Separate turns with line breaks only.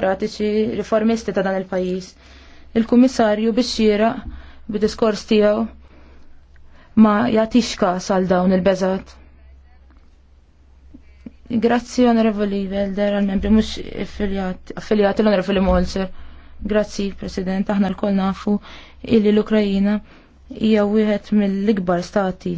demokratiċi riformisti ta' dan il-pajis. Il-kummissarju bixxira bid-diskors tiegħu ma jagħtix kas għal dawn il-beżat. Grazzi onorevoli Velder għal membri mhux affiljati l-onorevoli Molzer. Grazzi President, aħna l-kol nafu illi l-Ukrajina hija wieħed mill-ikbar stati